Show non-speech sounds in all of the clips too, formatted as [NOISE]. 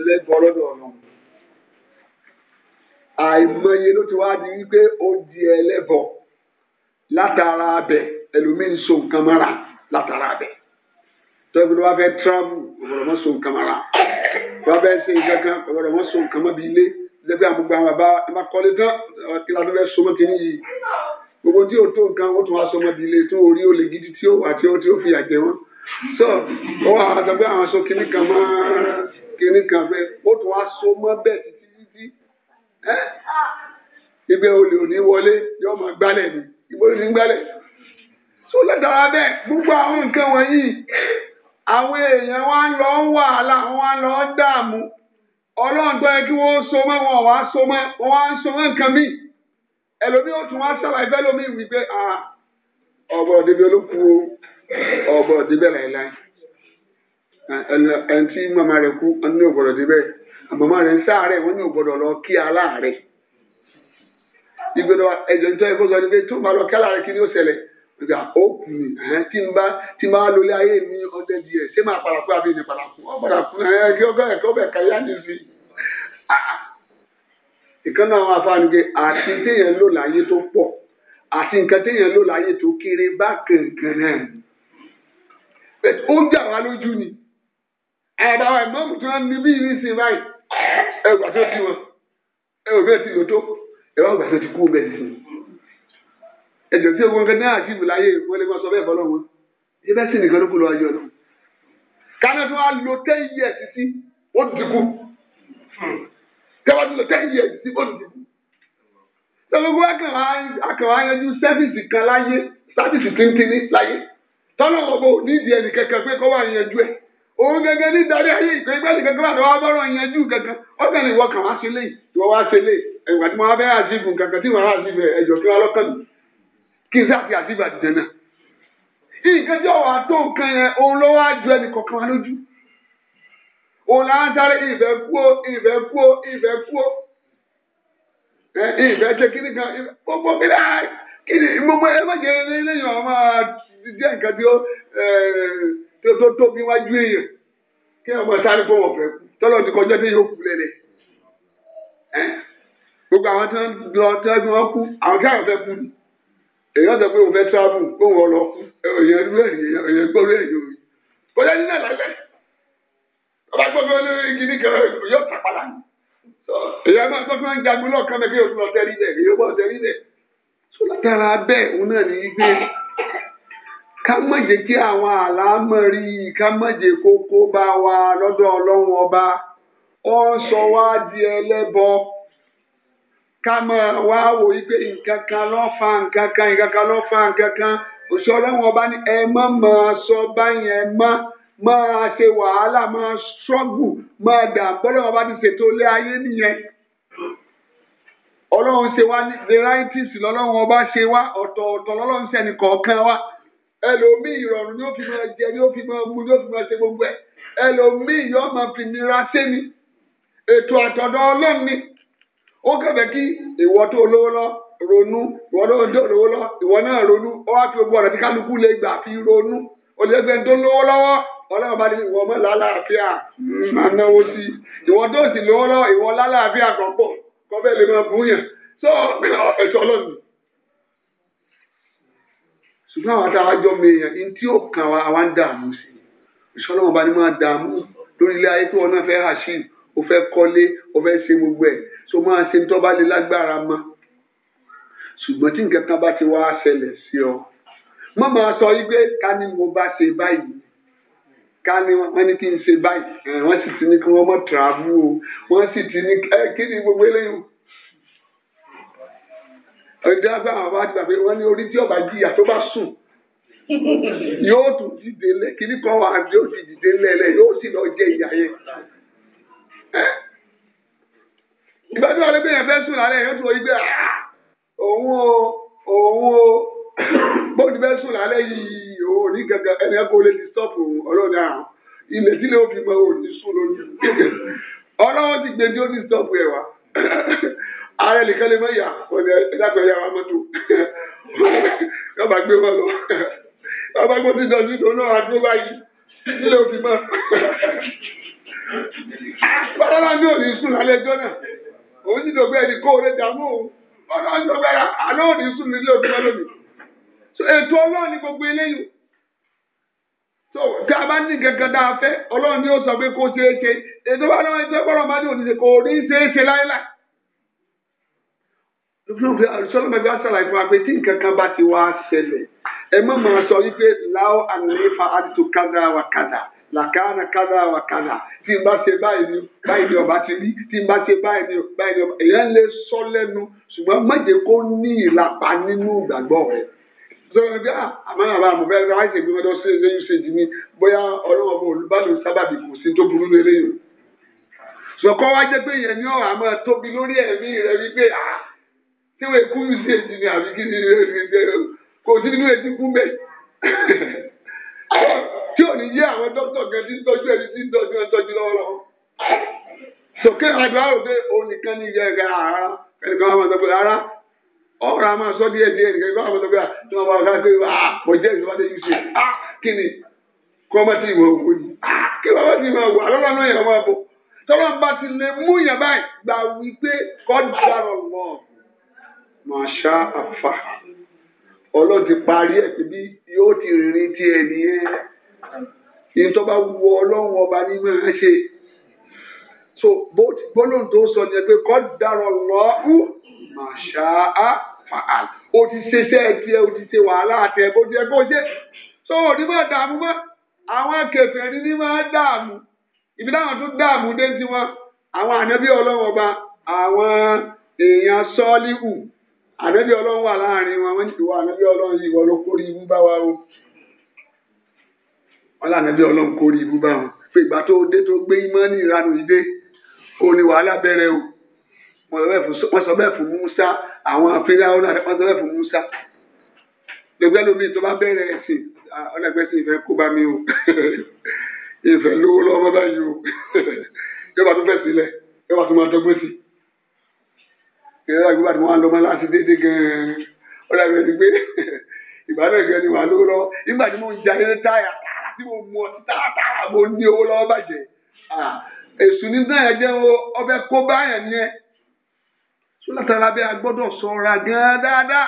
ẹlẹ́gbọ́n lọ́dọ̀ ọ̀run àìmọye ló ti wá di wípé ó di ẹlẹ́bọ̀ látara abẹ ẹlòmíín so nǹkan mọ́ra látara abẹ tọ́jú ló wá fẹ́ tíráàbù ọ̀gbọ̀dọ̀ so nǹkan mọ́ra wá fẹ́ ṣe nǹkan kan ọ̀gbọ̀dọ̀ so nǹkan mọ́ bí ilé lẹ́gbẹ́ àmúgbà àwọn bàbá ẹ má tán kí la tó fẹ́ so mọ́ kínní yìí gbogbo tí o tó nǹkan o tún wá so mọ́ bí ilé tó orí o lè gidi tí o àti o tí o fi àjẹ wọn so ó wà á sọ pé àwọn so kínní kan máa kínní kan fẹ́ ó tún wá so mọ́ bẹ́ẹ̀ títí títí ẹ́ ìgbẹ́ olè òní wọlé yóò máa gbálẹ̀ ni ìgbóni ní gbálẹ̀ tó lọ́dọ̀ra bẹ́ẹ̀ gbogbo àwọn nǹkan wọ̀nyí àwọn èèyàn wa ń lọ wàhálà wọn wá lọ dààmú ọlọ́run tó yẹ kí wọ́n so mọ́ wọn wá so mọ́ wọn wá ń so mọ́ nǹkan míì ẹlòmíì ó tún wá ṣàlàyé bẹ́ẹ̀ lómi wípé ọ̀bọ̀ òdìbẹ́ ló kú ọ̀bọ̀ òdìbẹ́ láìláì ẹn tí màmá rẹ̀ kú wọn ní ògbọ́dọ̀ débẹ̀ màmá rẹ̀ ń sáàárẹ̀ wọn ní ògbọ́dọ̀ lọ kí aláàárẹ̀ ìgbẹ́dọ̀ ẹ̀jọ̀ ń tọ́ ẹ̀kọ́ sọ ni pé tó máa lọ kí aláàárẹ̀ kí ni ó ṣẹlẹ̀ nga ó kù ní ẹn tí n bá tí n bá lólé ayé mi ọdẹ díẹ̀ ṣé máa padà kú àbí ìní padà kú ọ padà kú ẹn kí ọgọ ẹkọ bẹ kàyà nìfi ìkànnì àwọn afáàní pé àti téèyàn lò láyé tó pọ̀ àti nǹkan téèyàn lò láyé tó kéré bá kankan náà ó ń jà wá lójú ni ẹ̀rọ ìmọ̀mù tí wọ́n ní bí ní sin báyìí ẹ gbà tó ti wọn ẹ ò bẹ́ẹ̀ ti lò tó ẹ wọ́n gbà tó ti kú bẹ́ẹ̀ ti sin. ẹ̀jọ̀ tí ogun kẹ́ni àti ìbìlà ayé wọ́n lè máa sọ bẹ́ẹ̀ fọlọ́ wọn ẹ bẹ́ẹ̀ sì nìkan ló kú lọ ayé ọ̀nà. kánà tí wọ́n á lo ten years sí ó ti kú tẹ́wọ́n ti lo ten years sí ó ti kú. tọ́gbọ́n akàwá yanjú sẹ́fíìsì kan láyé sẹ́fíìsì tíntìní láyé tọ́lọ́ òun gẹgẹ ní darí ayé ìgbẹ́ ìgbẹ́lì kankan láti wá bọ́rọ̀ yanjú kankan ó kàn lè wọkàn wá sílé ìwọ wá sílé ẹ̀wà tí mo wá bẹ́ẹ̀ àzíbù kankan tí mo wá àzíbù ẹ̀jọ̀ kí wọ́n lọ́kàn mi kí n fi àzíbù tí ọ̀wà tó nǹkan yẹn òun ló wá ju ẹnì kọ̀ọ̀kan wá lójú. òun là ń sáré kúó kúó kúó jẹ́ kan tó tó tóbi wájú èèyàn kí ọmọ sáré fún wọn fẹ́ kú tọ́lọ̀ ti kọjá tí yóò kú lẹ́lẹ̀ ẹ́ gbogbo àwọn tí wọ́n lọ tí wọ́n fi wọ́n kú àwọn kí àwọn fẹ́ kú ni èèyàn sọ pé òun fẹ́ travel pé òun lọ kú èèyàn rú èèyàn èèyàn gbọ́ rú èèyàn òun kọjá nínú àlàgbẹ́ ọba gbọ́ fún olórí igi ní kẹrẹ yóò tàpàlà èèyàn máa sọ fún wọn jagun lọ́ọ̀kan mẹ́kẹ́ yóò tún lọ tẹ́rí bẹ́ẹ̀ èèyàn bọ̀ tẹ́rí bẹ́ẹ̀ sọ látara bẹ́ẹ̀ òun náà ní í gbé ká má jẹ́ kí àwọn àlámọ̀rí ká má jẹ́ kó kó bá wa lọdọ ọlọrun ọba ó sọ wá di ẹlẹ́bọ ká máa wá wò yí pé nǹkan kan ló fa nǹkan kan nǹkan kan ló fa nǹkan kan òṣìṣẹ́ ọlọ́run ọba ní ẹ má máa sọ báyẹn mọ́ máa ṣe wàhálà máa ṣọ́gù máa dà bọ́lá ọba ti ṣètò ilé ayé nìyẹn ọlọrun ṣe wá ní varieties lọ́lọ́run ọba ṣe wá ọ̀tọ̀ọ̀tọ̀ lọ́lọ́run ṣẹ́ni kọ̀ọ̀kan wá. ẹlòmíì ìrọ̀rùn yóò fi máa jẹ yóò fi máa mu yóò fi máa ṣe gbogbo ẹ̀ ẹlòmíì yóò máa fi nira ṣé ni ètò àtọ̀dọ̀ ọlọ́run ni ó kẹ̀fẹ́ kí ìwọ tó lówó lọ ronú ìwọ náà tó lówó lọ ìwọ náà ronú ó wá fi gbogbo ọ̀rọ̀ tí kálukú lè gbà fi ronú ó lè fẹ́ tó lówó lọ́wọ́ ọlọ́run bá ní ìwọ mọ́ lálàáfíà mm, máa náwó sí ìwọ tó sì lówó lọ́wọ́ ìwọ lálàáfíà kan pọ̀ kọ́ fẹ́ lè máa bú yàn so ètò ọlọ́run ṣùgbọ́n àwọn tá a jọ mi èèyàn ní tí ó kan wa àwa ń dààmú sí i ìṣọ́nà ọba ni máa dààmú lórí ilé ayé tí wọn náà fẹ́ àṣìlù o fẹ́ kọ́lé o fẹ́ ṣe gbogbo ẹ̀ so máa ṣe tó bá lè lágbára mọ́ ṣùgbọ́n tí nǹkan kan bá ti wá ṣẹlẹ̀ sí ọ má máa sọ yí pé ká ní mo bá ṣe báyìí ká ní wọ́n ní kí n ṣe báyìí wọ́n sì ti ní kí wọ́n mọ̀ tìràbù o wọ́n sì ti ní kí ni gbogbo eléyìí ìdágbà àwọn bá ti gbà pé wọ́n ní orí tí ọba jìyà tó bá sùn yóò tún dìde lẹ kíní kan wà tí ó ti dìde lẹlẹ yóò sì lọ jẹ ìyá yẹn. ìgbàdúrà rẹ bẹ́ẹ̀ fẹ́ sùn lálẹ́ yóò tún wọ́n yí pé ah, òun o òun o [COUGHS] bóun ti fẹ́ sùn lálẹ́ yìí òun ní gangan ẹni ẹ kó lè ti sọ́ọ̀pù ọlọ́run àrùn ilẹ̀ tí lè ó fi mọ òun ti sùn lónìí. ọlọ́run ti gbé bí ó ti sọ́ọ̀pù ẹ̀ wá. ààrẹ nìkan lè mọ ìyá ọ̀nà ìdàpọ̀ ìyá wa mọ́tò yọba [LAUGHS] gbé wọn lọ ti dọ̀tí tó náà báyìí nílé mọ́. sùn lálẹ́ ẹjọ́ náà òun ti dọ̀gbẹ́ ẹni kó gbogbo eléyìí so tí a bá ní kankan dáa fẹ́ ọlọ́run ó sọ pé kó ṣeé ṣe ètò bá lọ́wọ́ ẹjọ́ sọlọ́mọ bí wàá ṣàlàyé fún wa pé tí nǹkan kan bá ti wá ṣẹlẹ̀ ẹ mọ̀ mọ̀ sọ wípé láwọ ànífà àdìtú kádà wà kádà làkàna kádà wà kádà tí n bá ṣe báyìí ni báyìí ni ọba ti rí tí n bá ṣe báyìí ni báyìí ni ọba èèyàn lè sọ lẹ́nu ṣùgbọ́n má jẹ́ kó ní ìlàpá nínú ìgbàgbọ́ rẹ̀ sọlọ́mọ bí ah, àmọ́ àbá àmọ́ bẹ́ẹ̀ ni wáyé ṣègbè mọ́tò ṣe ṣe ṣe jì mí bóyá ọlọ́wọ́ bò olùbádùn sábàbí kò sí tó burú lélẹ́yìn sọkọ́ wá jẹ́ pé yẹn ní ọ̀rọ̀ àmọ́ tóbi lórí ẹ̀mí rẹ̀ wípé ah tí wọ́n kú sí èjì ni àbí kí ni kò sí nínú èjì kú mẹ́. tí ò ní yé àwọn dókítà kan tí ń tọ́jú ẹni tí ń tọ́jú ẹni tọ́jú lọ́wọ́lọ́wọ́. sọ̀kè àdúrà rò pé òun nìkan ní ìyá ẹ̀ka ara ẹnìkan máa sọ pé ara ọ̀rọ̀ a máa sọ díẹ̀ díẹ̀ ẹnìkan máa sọ pé ah, tí wọ́n bá wà káàkiri à kò jẹ́ ìjọba tẹ́jú sí à kí ni kọ́mọ́tì ìwọ̀ òkú yìí à ah, kí bàbá ti máa wà lọ́wọ́ náà yẹn máa bọ̀ tọ́lọ́ bá ti lè mú ìyàbá gbà wípé kọ́ dára lọ́ọ̀ màṣá àfà ọlọ́run ti parí ẹ̀ síbí yóò ti rìnrìn tí ẹ nìyẹn ìtọ́ bá wù ọlọ́run ọba ní máa ṣe so gbólóhùn tó sọ ni ẹ pé kọ́ dàrọ̀ lọ́ọ́ màṣá àfà o ti ṣe iṣẹ́ tiẹ̀ o ti ṣe wàhálà tẹ̀ bó ti ẹ kó ṣe so òní máa dààmú mọ́ àwọn kèfèrí ní máa dààmú ibi táwọn tó dààmú dé tiwọn àwọn ànábí ọlọ́run ọba àwọn èèyàn sọ́ọ́líhù ànábì ọlọ́run wà láàrin wọn wọ́n ní ìwọ ànábì ọlọ́run yìí wọ́n ló kórè ibú bá wa o wọ́n lá ànábì ọlọ́run kórè ibú bá wọn pé ìgbà tó dé tó gbé ìmọ̀ọ́nì ìranù yìí dé ó ní wàhálà bẹ̀rẹ̀ o wọ́n sọ bẹ́ẹ̀ fún Musa àwọn Fíráúnà wọ́n sọ bẹ́ẹ̀ fún Musa gbẹgbẹ́ lómi tó bá bẹ̀rẹ̀ ẹ̀sìn ọlọ́gbẹ́ sì fẹ́ kó bá mi o [LAUGHS] ìfẹ́ lówó lọ́wọ́ báyìí o yọba tó fẹ́ sílẹ̀ yọba tó máa dọ́gbé sí i. kí ẹ gbé àdúgbò àwọn ọmọ láti dédé gan-an ọlọ́run ẹni pé [LAUGHS] ìbálẹ̀ gan ni wà lówó lọ́wọ́ nígbà tí mo ń ní táyà tààrà tí mo mú tààrà tààrà mo ní owó lọ́wọ́ bàjẹ́ èsù ní náà jẹ́ ọbẹ̀ kó báyẹn a gbọ́dọ̀ sọ̀ra gan-an dáadáa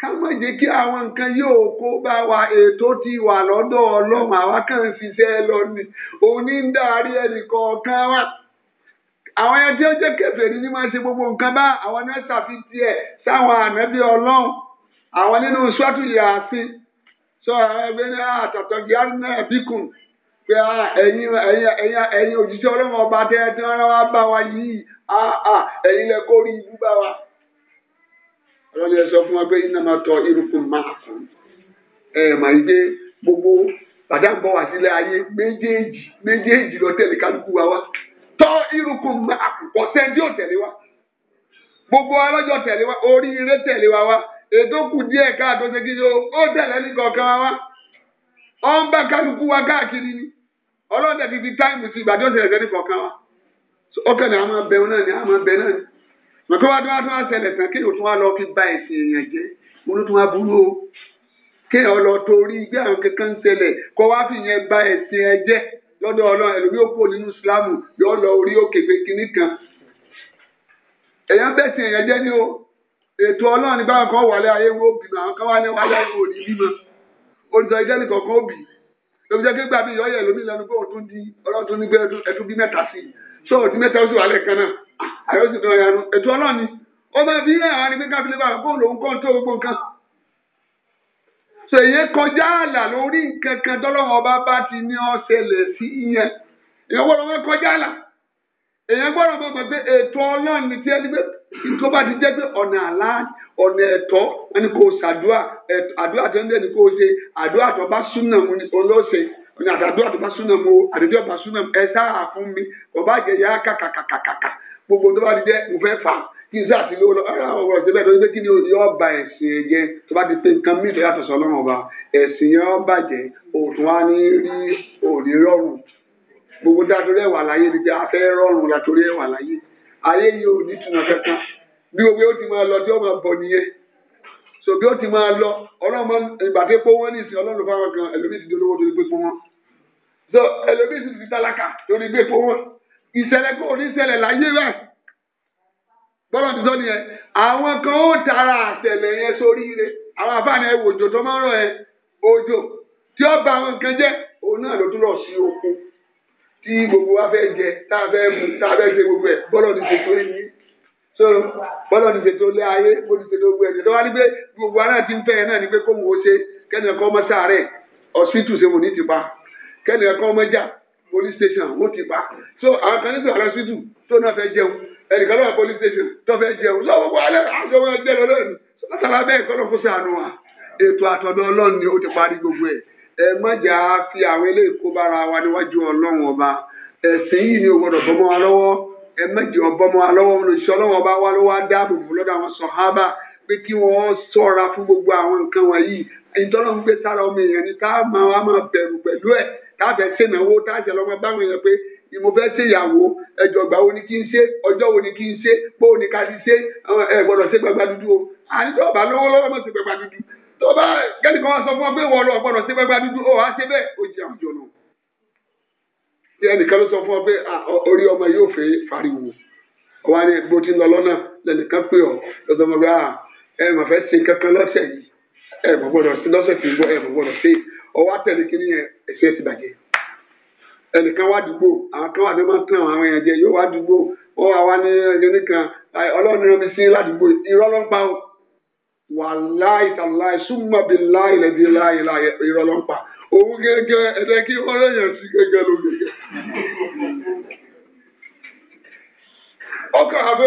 ká má jẹ́ kí àwọn nǹkan yóò kó bá wa ètò ti wà lọ́dọ̀ ọlọ́run àwa kàn lọ ní ń ẹnì kọ̀ọ̀kan wa. àwọn ẹni tí ó jẹ́ kèfèrí ní máa ṣe gbogbo nǹkan bá àwọn ní wọ́n ṣàfi tiẹ̀ sáwọn ànábì ọlọ́run àwọn nínú sọ́ọ̀tù Yàsín sọ ẹgbẹ́ ní ah, àtàtọ̀ gíárínà bíkùn pé ah, ẹ̀yin ẹ̀yin ẹ̀yin òjíṣẹ́ ọlọ́run ọba tẹ́ ẹ tí wọ́n rán wá bá wa yìí ah, ẹ̀yin lẹ kó rí ibú bá wa. ọlọ́run yẹn sọ fún wa pé iná máa tọ irúkún máa kún ẹ̀ máa yí pé gbogbo bàdá ń bọ̀ wá sílẹ̀ ayé méjèèjì méjèèjì lọ tẹ̀lé kálukú wa wá. tọ irukun gba àkùkọ sẹ́ńtì ò wa gbogbo ọlọ́jọ́ tẹ̀lé wa oríire tẹ̀lé wa wa ètò kù díẹ̀ káàtó yo o ó ní wa ọ ń wa káàkiri ni ọlọ́dẹ táìmù sí wa ó àwọn náà ni àwọn náà ni wá wá tó wá tán kéèyàn tó wá ba ẹ̀sìn èèyàn jẹ́ o kéèyàn lọ torí gbé àwọn kankan kó wá lọ́dọ̀ ọlọ́run ẹlòmí ò kó nínú islam yọ lọ orí òkè pé kinní kan èèyàn bẹ́sìn èèyàn jẹ́ ní o ètò ọlọ́run ní báwọn kan wàlẹ́ ayé wo bímọ àwọn kan wà ní wàlẹ́ ayé wo bímọ olùsọ ìjẹ́ nìkan kan ó bì lóbi jẹ́ kégbà mi yọ lómi lẹ́nu pé òun di ọlọ́run tún ní bí mẹ́ta sí i òtún mẹ́ta ó sì wàlẹ́ ah, kan náà àyọ̀sìn tó yanu ètò ọlọ́run ni ó máa fi àwọn ẹni káfíńlẹ́ bá ṣèyí kọjá àlà lórí nǹkan kan tọ́lọ́wọ́n ọba bá ti ní ó ṣẹlẹ̀ sí ìyẹn èèyàn gbọ́dọ̀ wọ́n kọjá àlà èèyàn gbọ́dọ̀ mọ̀ pé ètò ọlọ́run ni tí ẹni pé tó bá ti jẹ́ pé ọ̀nà àlá ọ̀nà ẹ̀tọ́ ẹni kò ṣàdúà àdúà tó ń bẹ̀ ni kò ṣe àdúà tó bá súnà mu ni òun ló ṣe ọ̀nà àdúà tó bá súnà mu àdúà tó súnà mu ẹ sáà fún mi ọba àjẹyà kàkàkàkàkà gbogbo tó bá ti jẹ́ mo fẹ́ fà á kí n sáà ti lówó lọ ara àwọn ọ̀rọ̀ ìjẹ́bẹ̀ẹ́ tó ń gbé kí ni yọ ba ẹ̀sìn ẹ̀ jẹ́ tó bá ti pé nǹkan mí ìtọ́jà tọ̀sọ̀ ọlọ́run ọba ẹ̀sìn yẹn ọ bàjẹ́ òtún á ní rí òní rọrùn gbogbo dátorí ẹ̀wà láyé ni pé a fẹ́ rọrùn látorí ẹ̀wà láyé ayé yìí ò ní túnà kankan bí owó yóò ti máa lọ tí ó máa bọ̀ nìyẹn so bí ó ti máa lọ ọlọ́run ìgbà tó pé wọ́n ní ìsìn ọlọ́run fáwọn kan ẹlòmíì ti di olówó torí pé fún wọn so ẹlòmíì ti di tálákà torí pé fún wọn ìṣẹ̀lẹ̀ kò ní ṣẹlẹ̀ láyé báyìí bọ́lá ti sọ nìyẹn àwọn kan ó tara àtẹ̀lẹ̀ yẹn sórí ire àwọn àfààní ẹ̀wò òjò tó máa ń rọ̀ ẹ́ òjò tí ó ba àwọn nǹkan jẹ́ òun náà ló tún lọ sí oko tí gbogbo wa fẹ́ jẹ tá a fẹ́ mu tá a fẹ́ ṣe gbogbo ẹ̀ bọ́lá ti ṣètò ẹni sọ̀rọ̀ bọ́lá ti ṣètò ilé ayé bó ti ṣètò gbogbo ẹ̀ tó wá ní pé gbogbo wa náà ti ń fẹ́ yẹn náà ní pé kó wò ó ṣe kẹ́nìkan kọ́ mọ́ sáré ọ̀sìtù ṣe wò ní tipa kẹ́nìkan kọ́ mọ́ já police station wọ́n ti pa so àwọn kan nígbà lọ sídùú tó náà fẹ́ jẹun ẹnìkan lọ́wọ́ police station tó fẹ́ jẹun so gbogbo alẹ́ àjọ wọn jẹ lọ lónìí látara bẹ́ẹ̀ kọ́ ló kó sànù wa ètò àtọ̀dọ̀ ọlọ́run ni ó ti parí gbogbo ẹ̀ ẹ mọ̀jà fi àwọn eléyìí bára wa níwájú ọlọ́run ọba ẹ̀sìn yìí ni ò gbọ́dọ̀ wa lọ́wọ́ ẹ mọ̀jì ọbọ̀mọ́ wa lọ́wọ́ olùṣọ́ ọlọ́run ọba wa ló wá dáàbò bò àwọn sọ̀hábà pé kí wọ́n ṣọ́ra fún gbogbo àwọn nǹkan wọ̀nyí ìtọ́lọ́run sára ọmọ èèyàn ni tá máa máa bẹ̀rù pẹ̀lú ẹ̀ káfẹ́ ṣènáwó táṣẹ lọ́mọ báwọn èèyàn pé mo fẹ́ ṣèyàwó ẹjọ́ gbà wo ni kí n ṣe ọjọ́ wo ni kí n ṣe pé wo ni ká ti ṣe ẹ gbọ́dọ̀ ṣe gbàgbà dúdú o àní tó bá lówó lọ́wọ́ mọ̀ ṣe gbàgbà dúdú tó bá kẹ́ni kan sọ fún ọ pé ìwọ lọ gbọ́dọ̀ ṣe gbàgbà dúdú o á ṣe bẹ́ẹ̀ ó jẹ àwùjọ náà. bí ẹnìkan ló sọ fún ọ pé orí ọmọ yóò fẹ́ fariwo ọwọ́ ni bó ti lọ lọ́nà lẹ́nìkan pé ọ lọ́sọ̀ọ́ ẹ mà fẹ́ ṣe kankan lọ́sẹ̀ yìí ẹ mà gbọ́dọ̀ lọ́sẹ̀ tó ń bọ̀ ẹ mà ọwọ́ àtẹ̀lé kínní ti bàjẹ́ ẹnìkan wà dùgbò àwọn kan wà ní máa àwọn yẹn jẹ yóò wà dùgbò wọn wà ní ẹni nìkan ọlọ́run sí ládùúgbò irọ́ ló ń pa o wàláì bí láì láì láì ló ń pa òun kí sí ló ọkọ [LAUGHS] àbẹ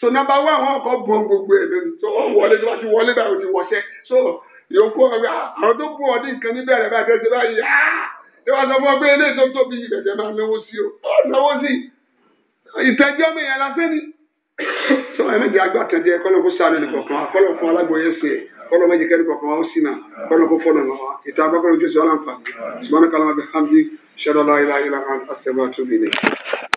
so number one àwọn ọkọ̀ bọ̀n gbogbo ẹ̀ lónìí so ó wọlé tó bá ti wọlé báyìí ó ti wọṣẹ́ so yòókù ọ̀rẹ́ ah, àwọn tó bù ọdún nǹkan níbẹ̀rẹ̀ báyìí tẹ́tẹ́ báyìí áá ẹ wá sọ fún ọ pé ilé tó tóbi ìbẹ̀tẹ̀ máa náwó sí o ó náwó sí ìtẹ́jọ́ mi yẹn lásán ni sọ ẹ méjì àgbà tẹ̀lé ẹ kọ́lọ́ kó sáré nìkọ̀kan kọ́lọ́ fún alágbóyè sí ẹ kọ́lọ́ méjì kẹ́lí kọ̀kan ó sì nà kọ́lọ́ kó fọ́nà nà wá ìta abákọ́lọ́ ojú sí ọ̀làǹfà subhanaka Allahumma bihamdi ilaha illa anta astaghfiruka wa atubu